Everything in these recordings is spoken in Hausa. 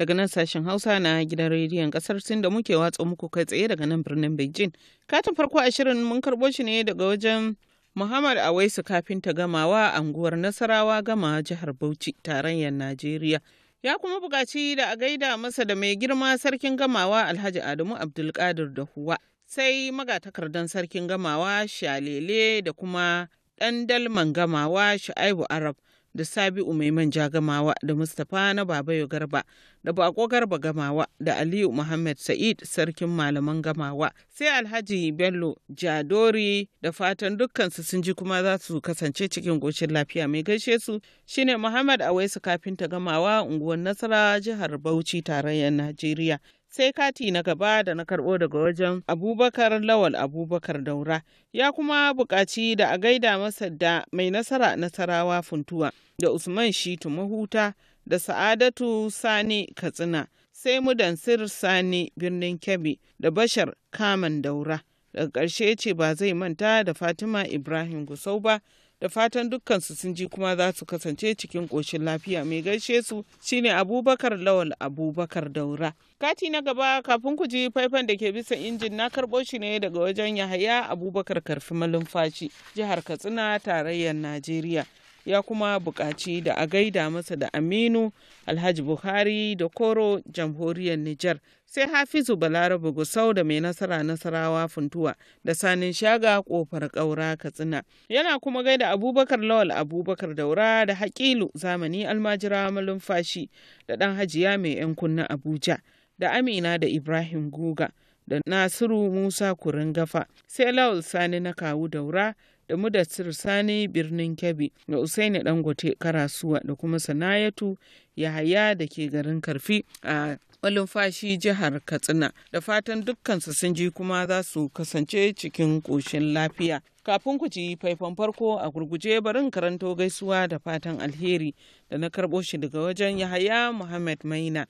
daga nan sashen hausa na gidan rediyon kasar sin da muke watsa muku kai tsaye daga nan birnin beijing katin farko ashirin mun karbo shi ne daga wajen muhammad awaisu kafin ta gamawa a anguwar nasarawa gama jihar bauchi tarayyar najeriya ya kuma bukaci da a gaida masa da mai girma sarkin gamawa alhaji adamu abdulkadir da huwa sai magatakardan sarkin gamawa shalele da kuma ɗan dalman gamawa shu'aibu arab da Sabi'u mai manja gamawa da Mustapha na Babayo Garba da Bako Garba gamawa da Aliyu Muhammad Sa'id sarkin malaman gamawa sai Alhaji Bello Jadori da fatan dukkansu sun ji kuma za su kasance cikin goshin lafiya mai gaishe su shine Muhammad Awaisu kafinta gamawa unguwar Nasara jihar Bauchi tarayyar Najeriya. sai kati na gaba da na karɓo daga wajen abubakar lawal abubakar daura ya kuma buƙaci da a gaida masa da mai nasara nasarawa funtuwa da usman shitu mahuta da sa'adatu sani katsina sai mudansir sani birnin kebbi da bashar kaman daura daga ƙarshe ya ce ba zai manta da fatima ibrahim gusau ba da fatan dukkansu sun ji kuma za su kasance cikin ƙoshin lafiya mai gaishe su shine abubakar lawal abubakar daura kati na gaba kafin ku ji faifan da ke bisa injin na karɓo shi ne daga wajen yahaya abubakar karfi malumfashi jihar katsina tarayyar najeriya ya kuma buƙaci da a gaida masa da aminu alhaji buhari da koro jamhuriyar nijar sai hafizu balarabu gusau da mai nasara nasarawa funtuwa da sanin shaga kofar ƙaura katsina yana kuma gaida abubakar lawal abubakar daura da haƙilu zamani almajira malumfashi da ɗan hajiya mai 'yan kunna abuja da amina da ibrahim guga da nasiru musa Gafa sai lawal sani na kawu daura da Mudassir Sani birnin Kebbi da Usaini Dangote Karasuwa da kuma Sanayatu Yahaya da ke garin Karfi a malumfashi jihar Katsina. Da fatan dukkansu sun ji kuma za su kasance cikin ƙoshin lafiya. Kafin ku ji faifan farko a gurguje barin karanto gaisuwa da fatan alheri da na karɓo shi daga wajen Yahaya Muhammad Maina.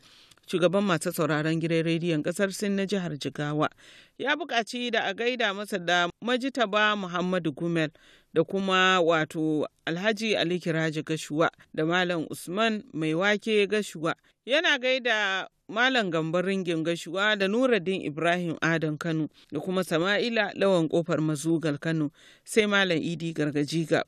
shugaban masu sauraron gidan rediyon kasar sin na jihar jigawa ya buƙaci da a gaida masa da majitaba muhammadu gumel da kuma wato alhaji ali kiraji gashuwa da malam usman mai wake gashuwa yana gaida Malam Gambar Ringin Gashuwa da Nuruddin Ibrahim Adam Kano da kuma Sama'ila Lawan Kofar Mazugal Kano sai Malam Idi ga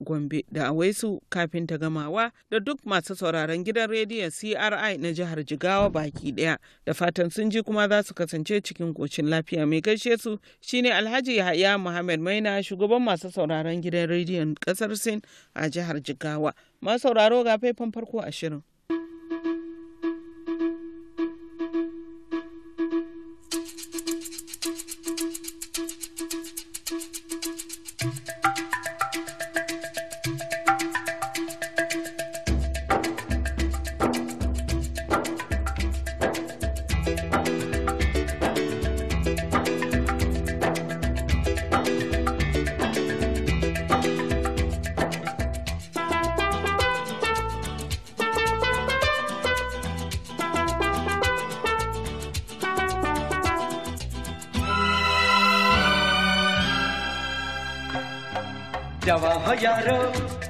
Gombe da Awaisu kafin ta gamawa da duk masu sauraron gidan rediyon CRI na jihar Jigawa baki daya da fatan sun ji kuma za su kasance cikin kocin lafiya mai gaishe su shine Alhaji Yahya Muhammad Maina shugaban masu sauraron gidan rediyon kasar Sin a jihar Jigawa. Masu sauraro ga faifan farko a shirin. जवा हो यारो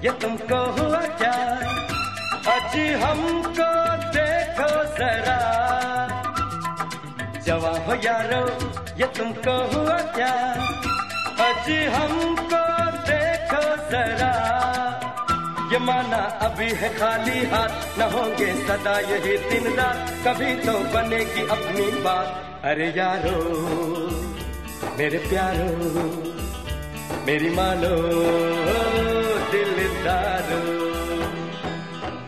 ये तुमको हुआ क्या अजी हमको देखो जरा जवा हो यारो ये तुमको हुआ क्या अजी हमको देखो जरा ये माना अभी है खाली हाथ न होंगे सदा यही दिन रात कभी तो बनेगी अपनी बात अरे यारो मेरे प्यारो मेरी मानो दिलदारो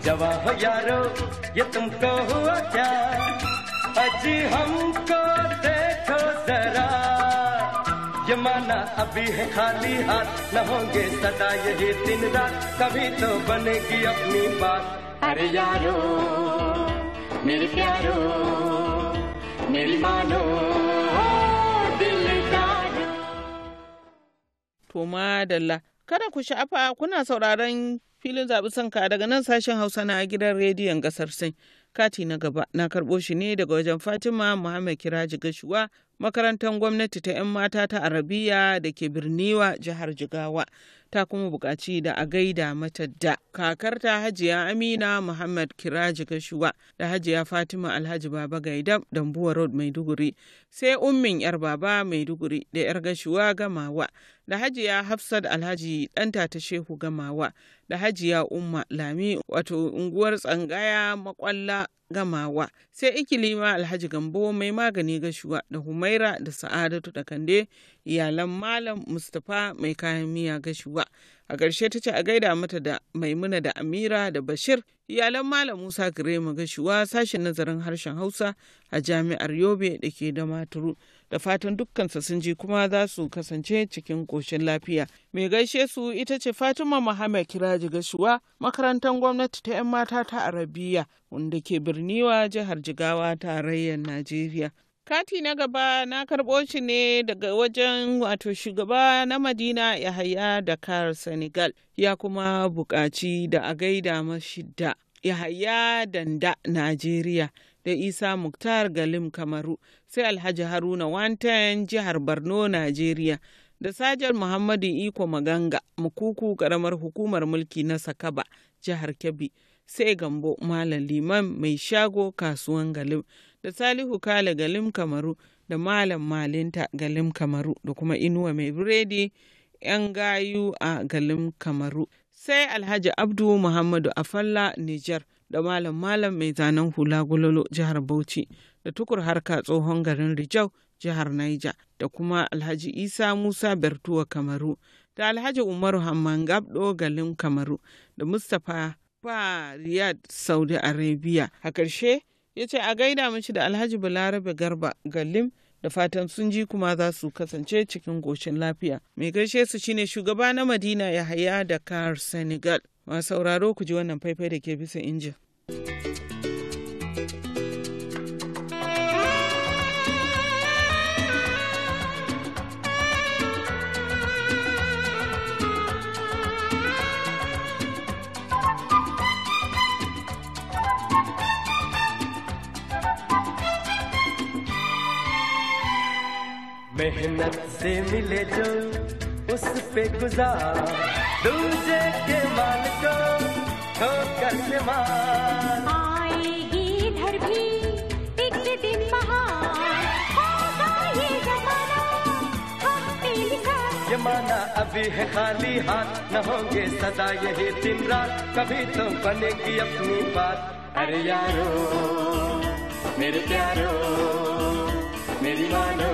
जवा हो यारो ये तुमको हुआ क्या अजी हमको देखो जरा ये माना अभी है खाली हाथ न होंगे सदा यही दिन रात कभी तो बनेगी अपनी बात अरे यारो मेरे प्यारो मेरी मानो To madalla. Kada ku sha'afa kuna sauraron filin zaɓi sanka daga nan sashen Hausa na gidan rediyon ƙasar Sin. Kati na gaba na karɓo shi ne daga wajen Fatima Muhammad Kiraji Gashuwa makarantar gwamnati ta 'yan mata ta Arabiya da ke Birniwa jihar Jigawa. ta kuma buƙaci da a gaida matadda. da kakarta hajiya amina muhammad kiraji gashuwa da hajiya fatima alhaji baba gaidam dambuwa road maiduguri sai ummin yar baba maiduguri da yar gashuwa gamawa da hajiya hafsat alhaji ɗanta ta shehu gamawa da hajiya umma lami wato unguwar tsangaya makwalla gamawa sai ikilima alhaji gambo mai magani gashuwa da humaira da sa'adatu da kande iyalan Malam Mustapha mai kayan miya gashuwa. A ƙarshe ta ce a gaida mata da Maimuna da Amira da Bashir, iyalan Malam Musa Girema gashuwa sashen nazarin harshen Hausa a Jami'ar Yobe da ke da Maturu. Da fatan dukkansa sun ji kuma za su kasance cikin koshin lafiya. Mai gaishe su ita ce Fatima Muhammad Kiraji Gashuwa, makarantar gwamnati ta 'yan mata ta Arabiya, wanda ke Birniwa jihar Jigawa tarayyar Najeriya. Kati na gaba na karɓo shi ne daga wajen wato shugaba na Madina Yahaya Dakar Senegal ya kuma buƙaci da a gaida mashi da haya Danda Najeriya da Isa Muktar Galim Kamaru sai Alhaji Haruna Wantan jihar Borno Najeriya da Sajar Muhammadu Iko Maganga Mukuku ƙaramar hukumar mulki na Sakaba jihar Kebbi sai Gambo Malam Liman mai shago kasuwan Galim. da Salihu Kale Galim Kamaru da Malam Malinta Galim Kamaru da kuma Inuwa Mai Biredi 'yan gayu a Galim Kamaru. Sai Alhaji Abdu Muhammadu Afalla Nijar da Malam Malam Mai Zanen Hula Gololo Jihar Bauchi da Tukur Harka Tsohon Garin Rijau Jihar Naija da kuma Alhaji Isa Musa Bertuwa Kamaru da Alhaji Umaru Hamman Gabdo Galim Kamaru da Mustapha Riyad Saudi Arabia. A ƙarshe ya ce a gaida mishi da alhaji balarabe garba gallim da fatan sun ji kuma za su kasance cikin goshin lafiya mai gaishe su shine shugaba na madina yahaya da kar senegal masu sauraro ku ji wannan faifai da ke bisa injin मेहनत से मिले जो उस पे गुजार दूसरे के मान को ठोकर से मार आएगी इधर भी एक दिन ये जमाना अभी है खाली हाथ न होंगे सदा यही दिन रात कभी तो बनेगी अपनी बात अरे यारो मेरे प्यारो मेरी मानो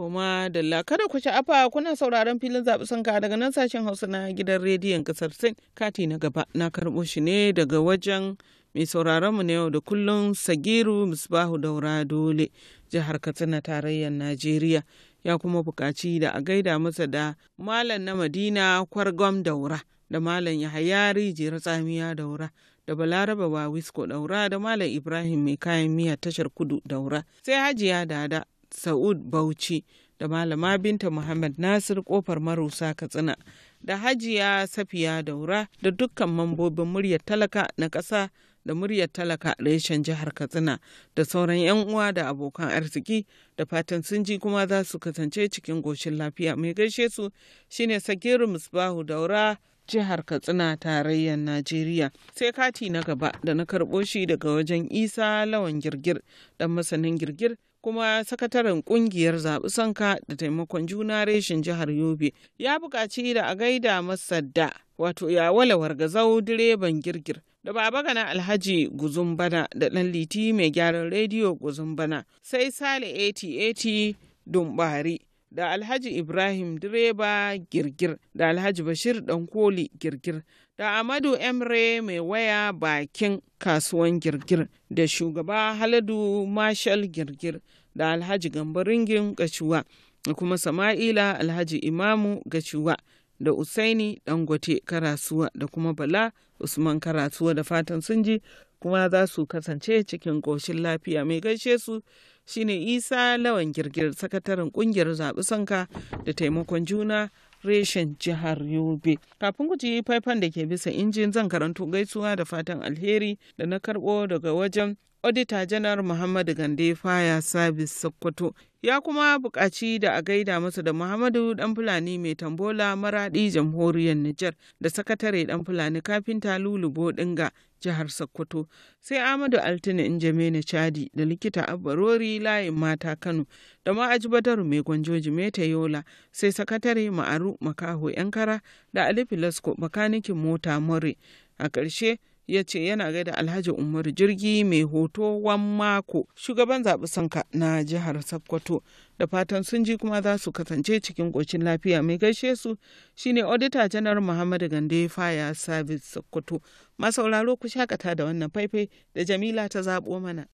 koma Dalla kada ku afa kuna sauraron filin zaɓi sanka daga nan sashen Hausa na gidan rediyon ƙasar Sin. Kati na gaba na karɓo shi ne daga wajen mai sauraron mu na yau da kullun Sagiru Misbahu Daura Dole jihar Katsina tarayyar Najeriya. Ya kuma buƙaci da a gaida masa da Malam na Madina Kwargwam Daura da Malam yahya Rijira Tsamiya Daura. da balaraba ba wisko daura da malam ibrahim mai kayan miya tashar kudu daura sai hajiya dada Sa'ud Bauchi da Malama Binta Muhammad Nasir Kofar Marusa Katsina da Hajiya Safiya Daura da dukkan mambobin muryar talaka na ƙasa da muryar talaka reshen jihar Katsina da sauran 'yan uwa da abokan arziki da fatan sun ji kuma za su kasance cikin goshin lafiya mai gaishe su shine Sagiru Musbahu Daura jihar Katsina tarayyar Najeriya. Sai kati na gaba da na karɓo shi daga wajen Isa Lawan Girgir dan masanin girgir kuma sakataren kungiyar zaɓi sanka da taimakon juna reshin jihar yobe ya buƙaci da a gaida masadda wato ya walawar gazau direban girgir da baba gana alhaji guzumbana da ɗan liti mai gyaran rediyo guzumbana sai sale 80 dumbari da alhaji ibrahim direba girgir da alhaji bashir koli girgir da Amadu Emre mai waya bakin kasuwan girgir da shugaba Haladu Marshal girgir da Alhaji Gambaringin Gachuwa da kuma Sama'ila Alhaji Imamu Gachuwa da Usaini Dangote Karasuwa da kuma Bala Usman Karasuwa da fatan sun ji kuma za su kasance cikin ƙoshin lafiya mai gaishe su shine Isa Lawan Girgir sakataren ƙungiyar zaɓi sanka da taimakon juna reshen jihar Yobe. Kafin ku ji faifan da ke bisa injin zan karanto gaisuwa da fatan alheri da na karbo daga wajen Odita janar Muhammadu Gande Faya Sabis Sokoto ya kuma buƙaci da a gaida masa da Muhammadu Dan Fulani mai tambola maraɗi jamhuriyar Nijar da sakatare Dan Fulani kafinta Lulubo Bodinga jihar Sokoto sai Amadu Ahmadu Altine na Chadi da likita Abbarori layin mata Kano da ma'ajibataru mai gwanjoji Meta Yola sai sakatare Ma'aru Makaho Yankara da Alifi Lasko makanikin mota More a ƙarshe ya ce yana gaida alhaji umar jirgi mai hoto wan mako shugaban zaɓi sanka na jihar sokoto da fatan sun ji kuma za su kasance cikin ƙoshin lafiya mai gaishe su shine auditor janar muhammadu gande faya service sokoto masauraro ku shakata da wannan faifai da jamila ta zaɓo mana.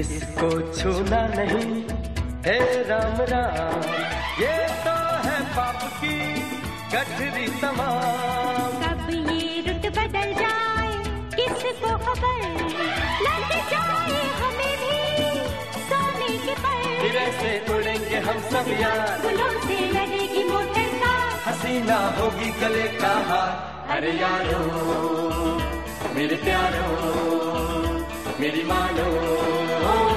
इसको छूना नहीं हे राम राम ये तो है पाप की गठरी तमाम कब ये बदल जाए किसको खबर लग जाए हमें भी सोने के फिर ऐसे उड़ेंगे हम सब यार से लड़ेगी मोटर का हसीना होगी गले का हार अरे यारो मेरे प्यारो Milimano. Oh,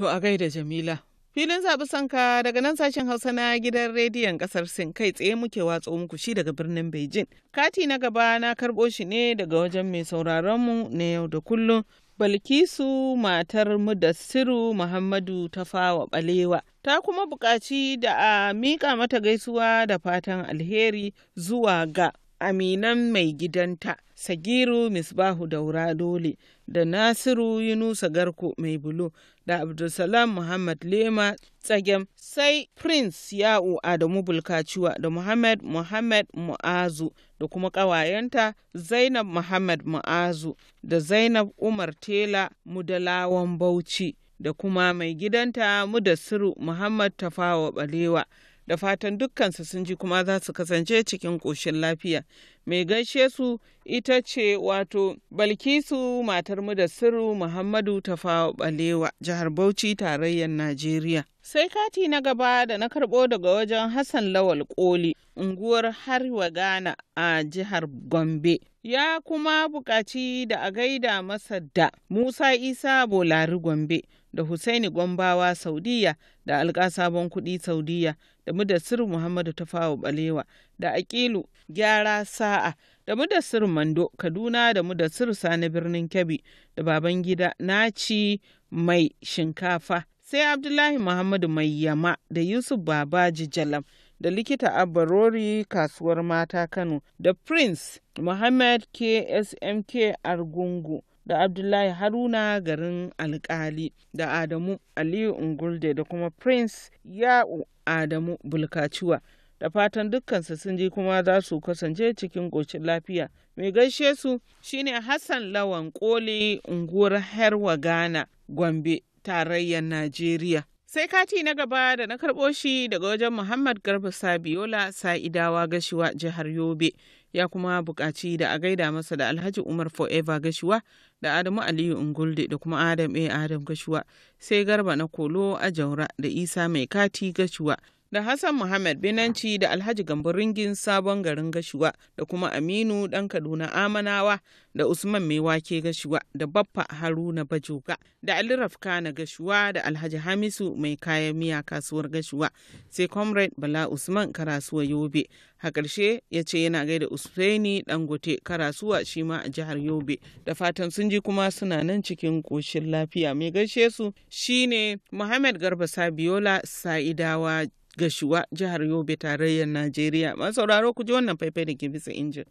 To a gaida Jamila. Filin zaɓi sanka daga nan sashen Hausa na gidan rediyon ƙasar Sin kai tsaye muke watsa muku shi daga birnin Beijing. Kati na gaba na karɓo shi ne daga wajen mai sauraronmu na yau da kullum. Balkisu matar Mudassiru Muhammadu ta fawa balewa ta kuma buƙaci da a miƙa mata gaisuwa da fatan alheri zuwa ga aminan mai gidanta Sagiru Misbahu Daura Dole da Nasiru Yunusa Garko mai bulo da Abdulsalam Muhammad Lema Tsagem sai Prince Ya'u Adamu Bulkaciwa da Muhammad Muhammad Mu'azu da kuma ƙawayenta Zainab Muhammad Mu'azu da Zainab Umar Tela Mudalawan Bauchi da kuma mai gidanta Mudassiru Muhammad Tafawa Balewa. da fatan dukkansu sun ji kuma za su kasance cikin ƙoshin lafiya. Mai gaishe su ita ce wato Balkisu matar mu da Sirru Muhammadu Tafawa Balewa, jihar Bauchi, tarayyar Najeriya. sai kati na gaba da na karbo daga wajen hassan lawal koli unguwar harwa ghana a jihar gombe ya kuma buƙaci da a gaida masa da musa isa bolari gombe da husaini gombawa saudiya da alƙa sabon kuɗi saudiya da mudassir muhammadu tafawa balewa da aƙilu gyara sa'a da mudassir mando kaduna da mudassir sani birnin kebbi da baban gida ci mai shinkafa sai Abdullahi Muhammadu Mayyama da Yusuf Babaji Jalam da likita Abarori kasuwar mata Kano da Prince Muhammad KSMK Argungu da Abdullahi Haruna garin alkali da Adamu Aliyu Ungulde da kuma Prince Ya'u Adamu Bulkaciwa. da fatan dukkansa sun ji kuma za su kasance cikin gocin lafiya. Mai gaishe su shine Hassan Lawan Koli unguwar Herwa Ghana, Gombe tarayyar Najeriya. Sai kati na gaba da na karɓo shi daga wajen Muhammad Garba Sabiola Sa'idawa Gashiwa jihar Yobe ya kuma buƙaci da a gaida masa da Alhaji Umar Forever Gashiwa da Adamu Aliyu Ungulde da kuma Adam A. Adam Gashiwa sai Garba na Kolo a Jaura da Isa Mai Kati Gashiwa da Hassan Muhammad Binanci da Alhaji Gambo ringin Sabon Garin Gashuwa da kuma Aminu ɗan Kaduna Amanawa da Usman Maiwake Gashuwa da Baffa Haruna Bajoga da Ali Rafka na Gashuwa da Alhaji Hamisu Mai Kayan Miya Kasuwar Gashuwa sai Comrade Bala Usman Karasuwa Yobe. A ƙarshe ya ce yana gaida Usaini Dangote Karasuwa shi ma a jihar Yobe da fatan sun ji kuma suna nan cikin ƙoshin lafiya mai gaishe su shine Muhammad Garba Sabiola Sa'idawa Gashuwa jihar Yobe tarayyar Najeriya. sauraro ku ji wannan faifai da ke bisa injin.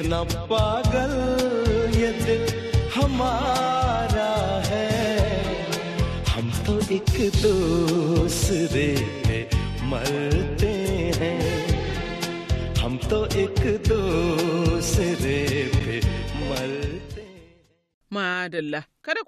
कितना पागल ये दिल हमारा है हम तो एक दूसरे पे मरते हैं हम तो एक दूसरे पे मरते हैं मादल्ला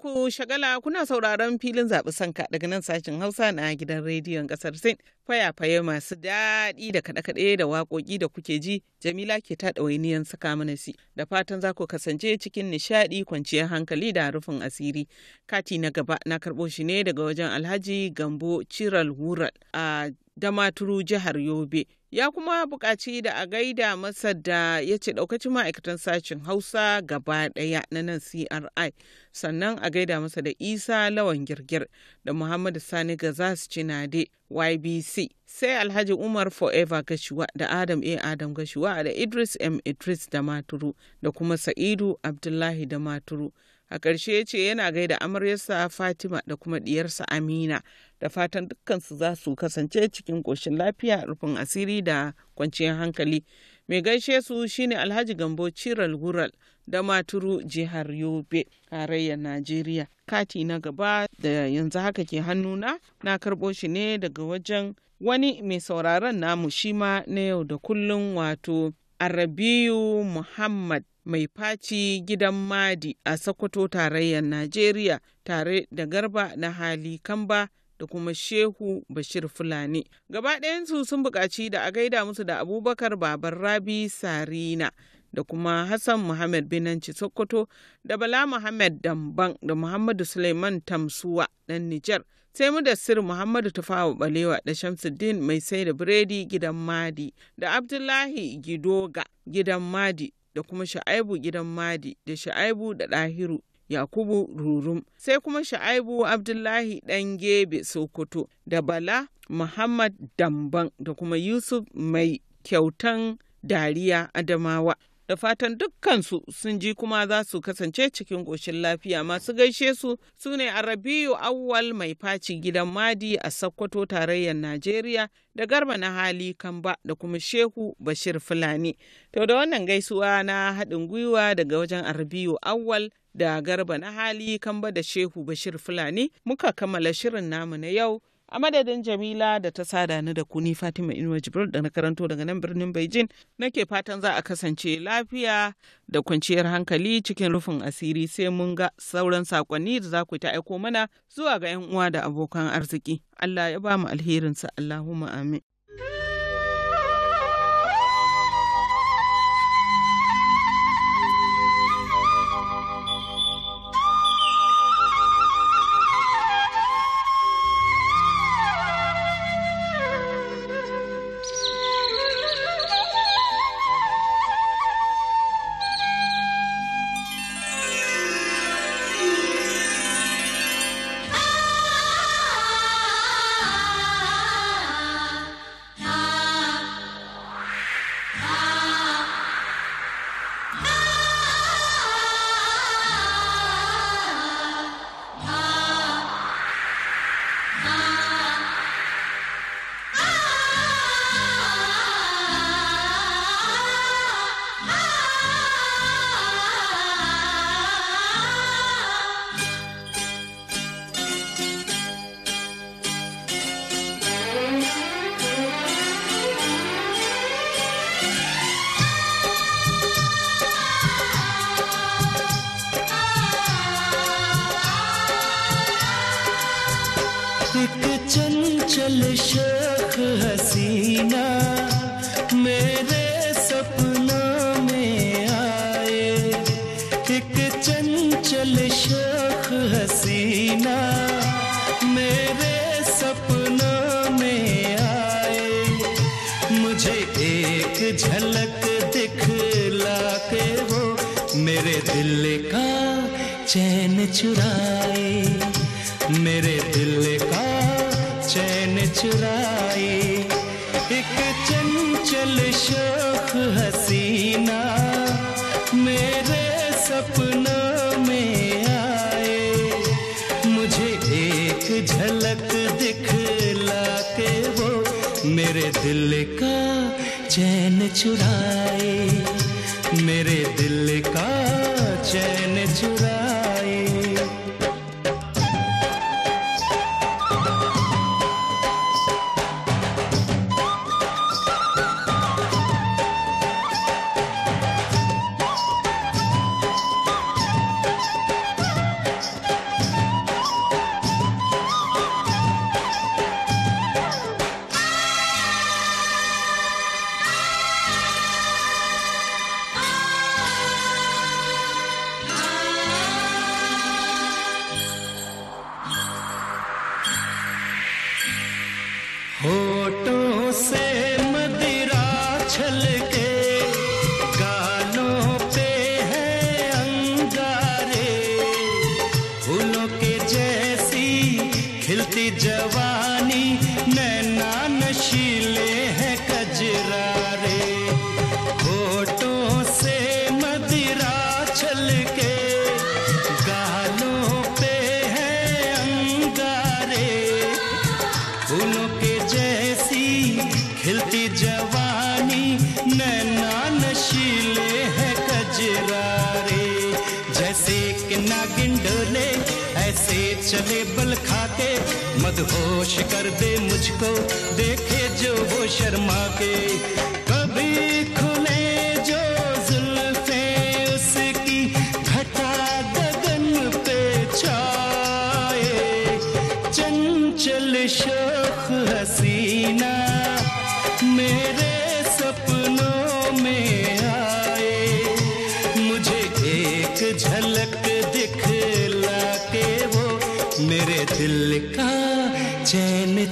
ku shagala kuna sauraron filin zaɓi sanka daga nan sashen Hausa na gidan rediyon ƙasar Sin. faye masu daɗi da kaɗe-kaɗe da waƙoƙi da kuke ji, Jamila ke ta ɗawainiyan saka mana si. Da fatan za ku kasance cikin nishaɗi kwanciyar hankali da rufin asiri. Kati na gaba na karɓo shi ne daga wajen Alhaji Gambo Ciral Wural a Damaturu jihar Yobe. ya kuma buƙaci da a gaida masa da ya ce ɗaukacin ma'aikatan sashen hausa gaba ɗaya na nan cri sannan a gaida masa da isa lawan girgir da muhammadu sani Ga gazas cinade ybc sai alhaji umar forever Gashiwa da adam a adam Gashiwa da idris m idris da maturu da kuma sa'idu abdullahi da maturu a ƙarshe ya ce yana gaida amaryarsa fatima da kuma ɗiyarsa amina da fatan dukkansu za su kasance cikin ƙoshin lafiya rufin asiri da kwanciyar hankali mai gaishe su shine alhaji gambo ciral gural da maturu jihar yobe tarayyar najeriya kati na gaba da yanzu haka ke hannuna na karɓo shi ne daga wajen wani mai sauraron namu shima na yau da kullum wato arabiyu muhammad mai faci gidan madi a Sokoto tarayyar Najeriya tare da garba na hali kamba da kuma shehu bashir fulani gaba ɗayansu sun buƙaci da a gaida musu da abubakar babar rabi sarina da kuma hassan muhammad binanci sokoto da bala muhammad damban da muhammadu suleiman tamsuwa ɗan nijar sai mu da sir muhammadu tufawa balewa da shamsuddin mai sai da biredi gidan madi da abdullahi gidoga gidan madi da kuma sha'aibu gidan madi da sha'aibu da ɗahiru yakubu rurum sai kuma sha'aibu abdullahi ɗan gebe sokoto da bala muhammad damban da kuma yusuf mai kyautan dariya adamawa da fatan dukkansu sun ji kuma za su kasance cikin ƙoshin lafiya masu gaishe su su ne rabi'u awwal mai faci gidan madi a sakkwato tarayyar najeriya da garba na hali kamba da kuma shehu bashir fulani to da wannan gaisuwa na haɗin gwiwa daga wajen Arabiyu awwal da garba na hali kamba da shehu bashir fulani muka kammala shirin namu na yau a madadin jamila da ta sada ni da kuni fatima inuwa jibril da na karanto daga nan birnin beijing nake fatan za a kasance lafiya da kwanciyar hankali cikin rufin asiri sai mun ga sauran sakonni da za ku ta aiko mana zuwa ga 'yan uwa da abokan arziki allah ya ba mu alherinsa Allahuma amin मेरे दिल का चैन चुराए एक चंचल शोक हसीना मेरे सपनों में आए मुझे एक झलक दिख लाते वो मेरे दिल का चैन चुरा चले बल खाके मदहोश कर दे मुझको देखे जो वो शर्मा के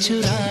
चुरा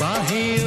बाहि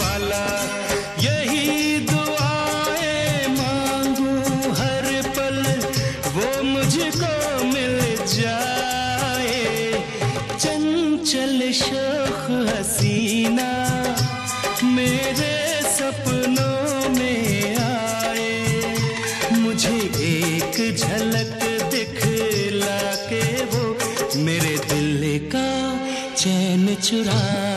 वाला यही दुआएं मांगू हर पल वो मुझको मिल जाए चंचल शोख हसीना मेरे सपनों में आए मुझे एक झलक दिखला के वो मेरे दिल का चैन चुरा